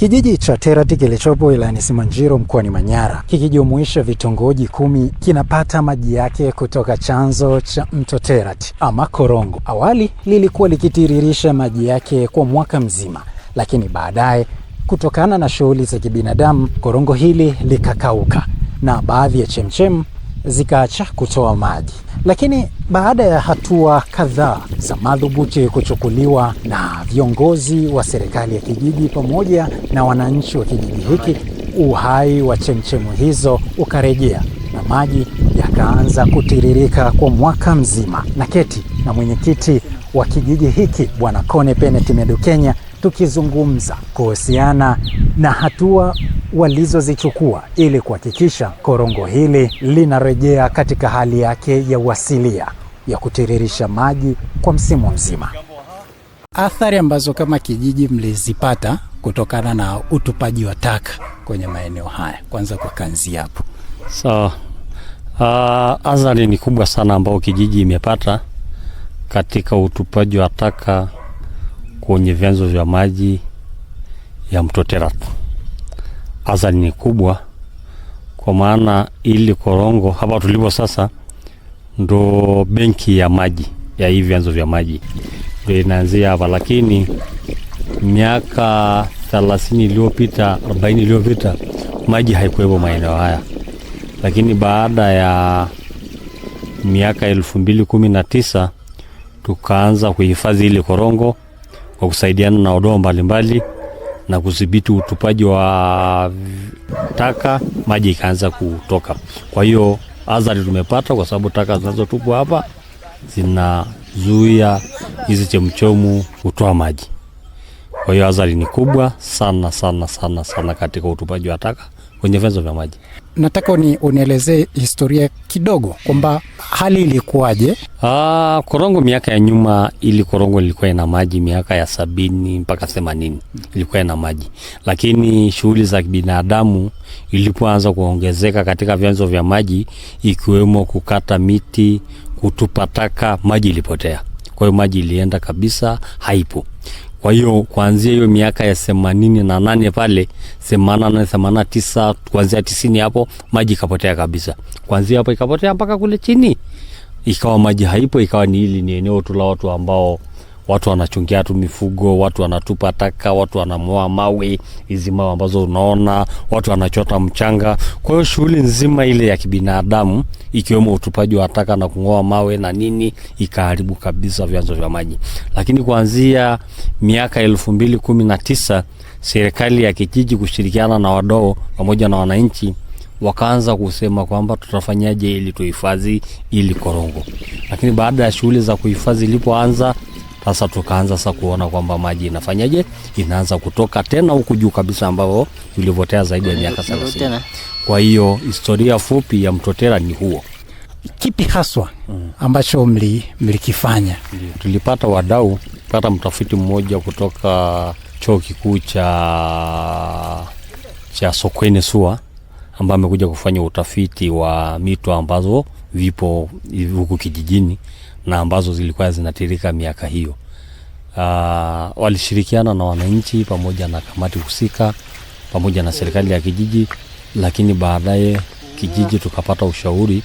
Kijiji cha Terati kilichopo wilayani Simanjiro mkoani Manyara kikijumuisha vitongoji kumi kinapata maji yake kutoka chanzo cha mto Terati ama Korongo. Awali lilikuwa likitiririsha maji yake kwa mwaka mzima, lakini baadaye kutokana na shughuli za kibinadamu korongo hili likakauka na baadhi ya chemchem zikaacha kutoa maji. Lakini baada ya hatua kadhaa za madhubuti kuchukuliwa na viongozi wa serikali ya kijiji pamoja na wananchi wa kijiji hiki, uhai wa chemchemu hizo ukarejea na maji yakaanza kutiririka kwa mwaka mzima. Na keti na mwenyekiti wa kijiji hiki Bwana Kone Penet Medukenya tukizungumza kuhusiana na hatua walizozichukua ili kuhakikisha korongo hili linarejea katika hali yake ya uasilia ya kutiririsha maji kwa msimu mzima. Athari ambazo kama kijiji mlizipata kutokana na utupaji wa taka kwenye maeneo haya, kwanza kwa kanzi hapo. Sawa. So, uh, athari ni kubwa sana ambayo kijiji imepata katika utupaji wa taka kwenye vyanzo vya maji ya mto athari ni kubwa, kwa maana ili korongo hapa tulipo sasa ndo benki ya maji ya hivi vyanzo vya maji ndo inaanzia hapa, lakini miaka thelathini iliyopita arobaini iliyopita maji haikuwepo maeneo haya, lakini baada ya miaka elfu mbili kumi na tisa tukaanza kuhifadhi ile korongo kwa kusaidiana na wadau mbalimbali na kudhibiti utupaji wa taka, maji ikaanza kutoka. Kwa hiyo athari tumepata kwa sababu taka zinazotupwa hapa zinazuia hizi chemuchemu kutoa maji. Kwa hiyo athari ni kubwa sana sana sana sana katika utupaji wa taka kwenye vyanzo vya maji nataka ni unielezee historia kidogo kwamba hali ilikuwaje? Ah, korongo miaka ya nyuma, ili korongo ilikuwa ina maji miaka ya sabini mpaka themanini ilikuwa ina maji, lakini shughuli za kibinadamu ilipoanza kuongezeka katika vyanzo vya maji, ikiwemo kukata miti, kutupa taka, maji ilipotea. Kwa hiyo maji ilienda kabisa, haipo. Kwa hiyo kuanzia hiyo miaka ya themanini na nane pale themanini na tisa kuanzia tisini hapo maji ikapotea kabisa. Kuanzia hapo ikapotea mpaka kule chini, ikawa maji haipo, ikawa ni hili ni eneo tu la watu ambao watu wanachungia tu mifugo, watu wanatupa taka, watu wanamoa mawe, hizi mawe ambazo unaona, watu wanachota mchanga. Kwa hiyo shughuli nzima ile ya kibinadamu ikiwemo utupaji wa taka na kung'oa mawe na nini, ikaharibu kabisa vyanzo vya maji. Lakini kuanzia miaka elfu mbili kumi na tisa serikali ya kijiji kushirikiana na wadau pamoja na wananchi wakaanza kusema kwamba tutafanyaje ili tuhifadhi ili korongo. Lakini baada ya shughuli za kuhifadhi ilipoanza sasa tukaanza sasa kuona kwamba maji inafanyaje, inaanza kutoka tena huku juu kabisa, ambapo tulivotea zaidi ya miaka 30. Kwa hiyo historia fupi ya Mtotera ni huo. Kipi haswa ambacho mlikifanya? Mli tulipata wadau, pata mtafiti mmoja kutoka chuo kikuu cha cha Sokweni SUA ambaye amekuja kufanya utafiti wa mito ambazo vipo huku kijijini na ambazo zilikuwa zinatirika miaka hiyo. Uh, walishirikiana na wananchi pamoja na kamati husika pamoja na serikali ya kijiji, lakini baadaye kijiji tukapata ushauri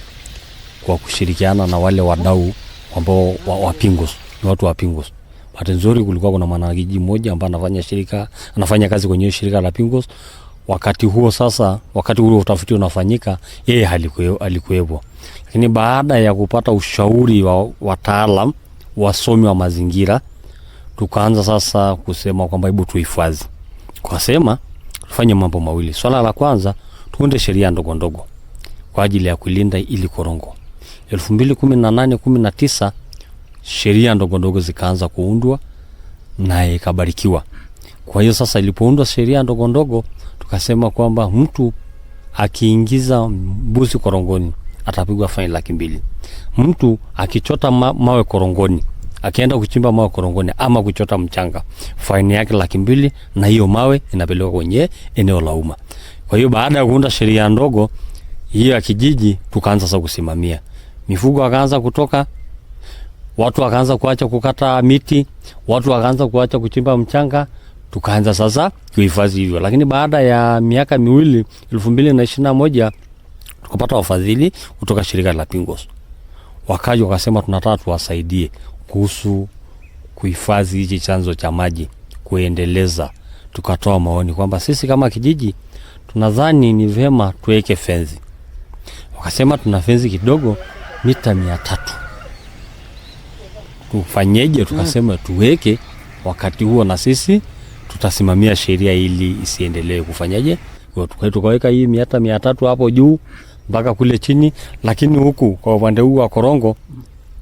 kwa kushirikiana na wale wadau ambao wapingos ni watu wapingos. Bahati nzuri kulikuwa kuna mwanakijiji mmoja ambaye anafanya shirika anafanya kazi kwenye shirika la Pingos Wakati huo sasa, wakati ule utafiti unafanyika, yeye alikuwepo, lakini baada ya kupata ushauri wa wataalam wasomi wa mazingira, tukaanza sasa kusema kwamba hebu tuhifadhi, tukasema tufanye mambo mawili. Swala la kwanza tuunde sheria ndogo ndogo kwa ajili ya kulinda ili korongo. elfu mbili kumi na nane kumi na tisa sheria ndogo ndogo zikaanza kuundwa na ikabarikiwa. Kwa hiyo sasa ilipoundwa sheria ndogo ndogo tukasema kwamba mtu akiingiza mbuzi korongoni atapigwa faini laki mbili. Mtu akichota ma, mawe korongoni akienda kuchimba mawe korongoni ama kuchota mchanga, faini yake laki mbili, na hiyo mawe inapelekwa kwenye eneo la umma. Kwa hiyo baada ya kuunda sheria ndogo hiyo ya kijiji, tukaanza sasa kusimamia mifugo, akaanza kutoka, watu wakaanza kuacha kukata miti, watu wakaanza kuacha kuchimba mchanga tukaanza sasa kuhifadhi hivyo, lakini baada ya miaka miwili elfu mbili na ishirini na moja tukapata wafadhili kutoka shirika la Pingos, wakaja wakasema tunataka tuwasaidie kuhusu kuhifadhi hichi chanzo cha maji kuendeleza. Tukatoa maoni kwamba sisi kama kijiji tunadhani ni vema tuweke fenzi. Wakasema tuna fenzi kidogo mita mia tatu, tufanyeje? Tukasema tuweke wakati huo na sisi tutasimamia sheria ili isiendelee kufanyaje, tukaweka hii miata mia tatu hapo juu mpaka kule chini, lakini huku kwa upande huu wa korongo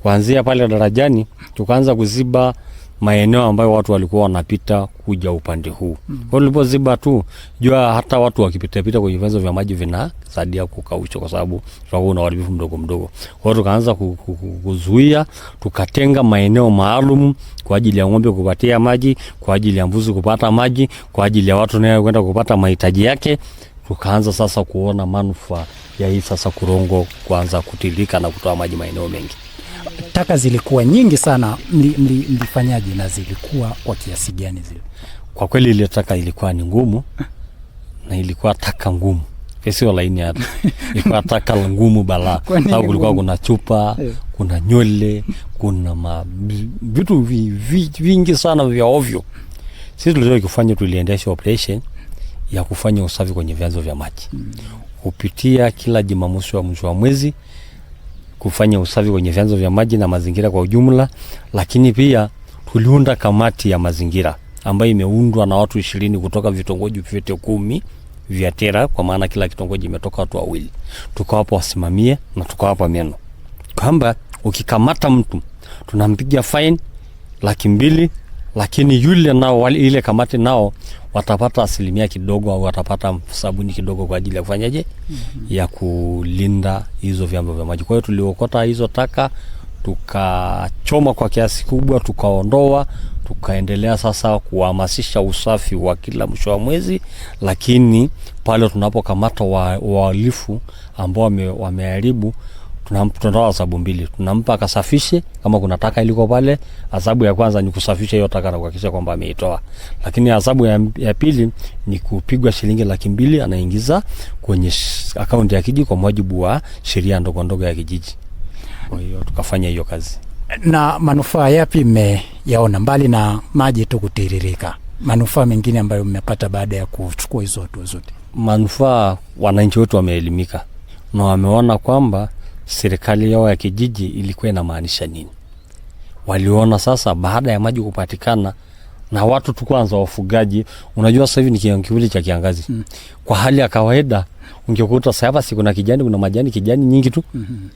kuanzia pale darajani tukaanza kuziba maeneo ambayo watu walikuwa wanapita kuja upande huu. Mm. Kwa tulipoziba tu, jua hata watu wakipitapita kwenye vyanzo vya maji vinasaidia kukausha, kwa sababu tunakuwa na uharibifu mdogo mdogo. Kwa hiyo tukaanza kuzuia, tukatenga maeneo maalum kwa ajili ya ng'ombe kupatia maji, kwa ajili ya mbuzi kupata maji, kwa ajili ya watu nayo kwenda kupata mahitaji yake. Tukaanza sasa kuona manufaa ya hii sasa Korongo kuanza kutilika na kutoa maji maeneo mengi taka zilikuwa nyingi sana, mlifanyaje? Mli, mli na zilikuwa kwa kiasi gani zile? Kwa kweli ile taka ilikuwa ni ngumu na ilikuwa taka ngumu, sio laini hata ilikuwa taka ngumu bala sababu kulikuwa kuna chupa eh. kuna nywele kuna ma, vitu vi, vi, vingi sana vya ovyo. Sisi tulizoea kufanya, tuliendesha operation ya kufanya usafi kwenye vyanzo vya maji hmm. kupitia kila Jumamosi wa mwisho wa mwezi kufanya usafi kwenye vyanzo vya maji na mazingira kwa ujumla, lakini pia tuliunda kamati ya mazingira ambayo imeundwa na watu ishirini kutoka vitongoji vyote kumi vya Tera, kwa maana kila kitongoji imetoka watu wawili, tukawapa wasimamie na tukawapa meno kwamba ukikamata mtu tunampiga faini laki mbili lakini yule nao ile kamati nao watapata asilimia kidogo, au watapata sabuni kidogo kwa ajili ya kufanyaje, mm -hmm. ya kulinda hizo vyombo vya maji. Kwa hiyo tuliokota hizo taka tukachoma kwa kiasi kubwa, tukaondoa, tukaendelea sasa kuhamasisha usafi wa kila mwisho wa mwezi, lakini pale tunapokamata wahalifu ambao wameharibu tunatoa adhabu mbili, tunampa akasafishe kama kuna taka iliko pale. Adhabu ya kwanza ni kusafisha hiyo taka na kuhakikisha kwamba ameitoa, lakini adhabu ya, ya pili ni kupigwa shilingi laki mbili anaingiza kwenye akaunti ya kijiji kwa mujibu wa sheria ndogo ndogo ya kijiji. Kwa hiyo tukafanya hiyo kazi. Na manufaa yapi mmeyaona mbali na maji tu kutiririka? Manufaa mengine ambayo mmepata baada ya kuchukua hizo hatua zote? Manufaa, wananchi wetu wameelimika na wameona kwamba serikali yao ya kijiji ilikuwa inamaanisha nini. Waliona sasa baada ya maji kupatikana na watu tu kwanza wafugaji, unajua sasa hivi ni kivuli cha kiangazi mm. Kwa hali ya kawaida ungekuta sasa hapa siku na kijani, kuna majani kijani nyingi tu mm -hmm.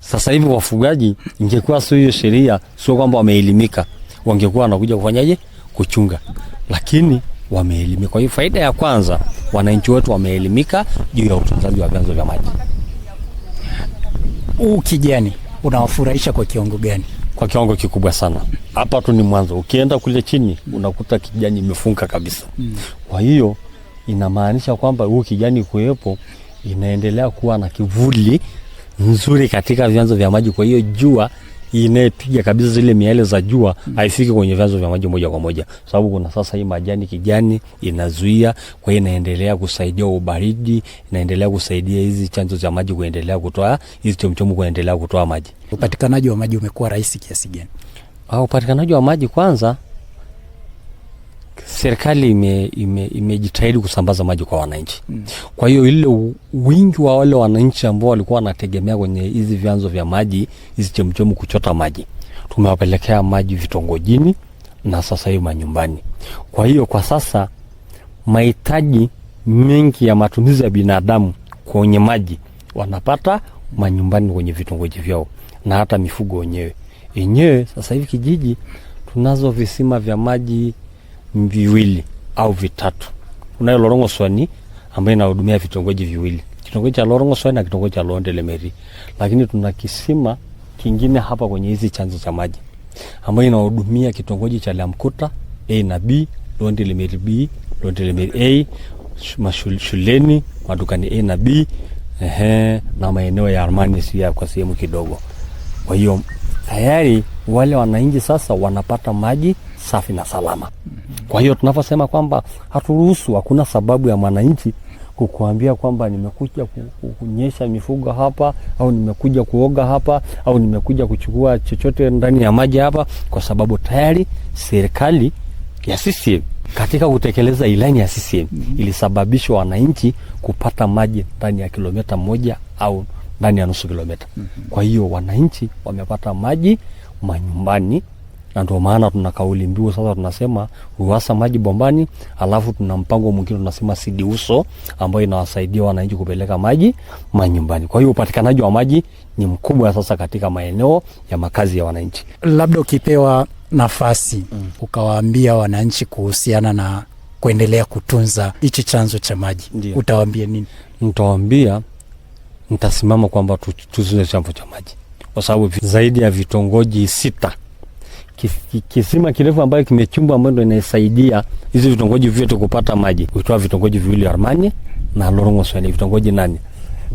Sasa hivi wafugaji, ingekuwa sio hiyo sheria, sio kwamba wameelimika, wangekuwa wanakuja kufanyaje kuchunga, lakini wameelimika. Kwa hiyo faida ya kwanza, wananchi wetu wameelimika juu ya utunzaji wa vyanzo vya maji huu kijani unawafurahisha kwa kiwango gani? Kwa kiwango kikubwa sana. Hapa tu ni mwanzo, ukienda kule chini unakuta kijani imefunga kabisa. Hmm. Kwa hiyo inamaanisha kwamba huu kijani kuwepo inaendelea kuwa na kivuli nzuri katika vyanzo vya maji, kwa hiyo jua inayepiga kabisa zile miale za jua haifiki kwenye vyanzo vya maji moja kwa moja, sababu kuna sasa hii majani kijani inazuia, kwa hiyo inaendelea kusaidia ubaridi, inaendelea kusaidia hizi chanzo za maji kuendelea kutoa hizi chemchemu kuendelea kutoa maji. Upatikanaji wa maji umekuwa rahisi kiasi gani? Ah, upatikanaji wa maji kwanza Serikali imejitahidi ime, ime kusambaza maji kwa wananchi mm. Kwa hiyo ile wingi wa wale wananchi ambao walikuwa wanategemea kwenye hizi vyanzo vya maji hizi chemchemu kuchota maji, tumewapelekea maji vitongojini na sasa hivi manyumbani. Kwa hiyo kwa sasa mahitaji mengi ya matumizi ya binadamu kwenye maji wanapata manyumbani kwenye vitongoji vyao na hata mifugo wenyewe yenyewe. Sasa hivi kijiji tunazo visima vya maji viwili au vitatu. Kunayo Lorongo Swani ambayo inahudumia vitongoji viwili, kitongoji cha Lorongo Swani na kitongoji cha Londe Lemeri, lakini tuna kisima kingine hapa kwenye hizi chanzo cha maji ambayo inahudumia kitongoji cha Lamkuta A na B, Londe Lemeri B, Londe Lemeri A, mashuleni, madukani A na B, ehe, na maeneo ya Armani sia kwa sehemu kidogo. Kwa hiyo tayari wale wananchi sasa wanapata maji safi na salama. Kwa hiyo tunavyosema kwamba haturuhusu, hakuna sababu ya mwananchi kukuambia kwamba nimekuja kunyesha mifugo hapa au nimekuja kuoga hapa au nimekuja kuchukua chochote ndani ya maji hapa, kwa sababu tayari serikali ya CCM katika kutekeleza ilani ya CCM mm-hmm. ilisababisha wananchi kupata maji ndani ya kilomita moja au ndani ya nusu kilomita. Mm-hmm. Kwa hiyo wananchi wamepata maji manyumbani na ndio maana tuna kauli mbiu sasa, tunasema uwasa maji bombani, alafu tuna mpango mwingine tunasema Sidi Uso, ambayo inawasaidia wananchi kupeleka maji manyumbani. Kwa hiyo upatikanaji wa maji ni mkubwa sasa katika maeneo ya makazi ya wananchi. Labda ukipewa nafasi mm, ukawaambia wananchi kuhusiana na kuendelea kutunza hichi chanzo cha maji, utawaambia nini? Nitawaambia, nitasimama kwamba tutunze chanzo cha maji, kwa sababu zaidi ya vitongoji sita kisima kirefu ambayo kimechumbwa ambayo ndo inasaidia hizi vitongoji vyote kupata maji. Kutoa vitongoji viwili Armani na Lorongo Sweni, vitongoji nane.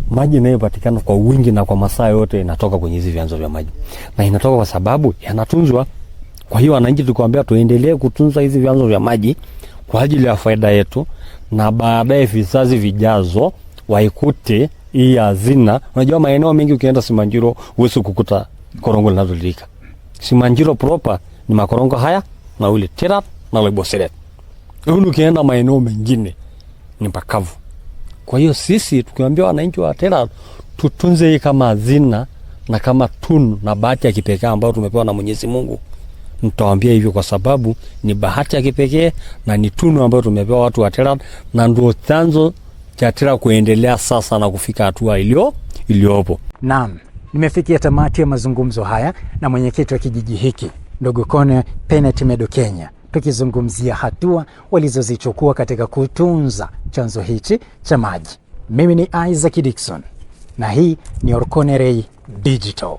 Maji inayopatikana kwa wingi na kwa masaa yote inatoka kwenye hizi vyanzo vya maji. Na inatoka kwa sababu yanatunzwa. Kwa hiyo wananchi tukiwambia tuendelee kutunza hizi vyanzo vya maji kwa ajili ya faida yetu na baadaye vizazi vijazo waikute hii hazina. Unajua maeneo mengi ukienda Simanjiro huwezi kukuta korongo linazolilika. Simanjiro proper ni makorongo haya na mawili Terrat na boseret. Lakini ukienda maeneo mengine ni pakavu. Kwa hiyo sisi tukiwaambia wananchi wa Terrat tutunze hii kama hazina na kama tunu na bahati ya kipekee ambayo tumepewa na Mwenyezi Mungu. Nitawaambia hivyo kwa sababu ni bahati ya kipekee na ni tunu ambayo tumepewa watu wa Terrat na ndio chanzo cha Terrat kuendelea sasa na kufika hatua iliyo iliyopo. Naam. Nimefikia tamati ya mazungumzo haya na mwenyekiti wa kijiji hiki ndugu Kone Penet Medo Kenya, tukizungumzia hatua walizozichukua katika kutunza chanzo hichi cha maji. Mimi ni Isaac Dikson na hii ni Orkonerei Digital.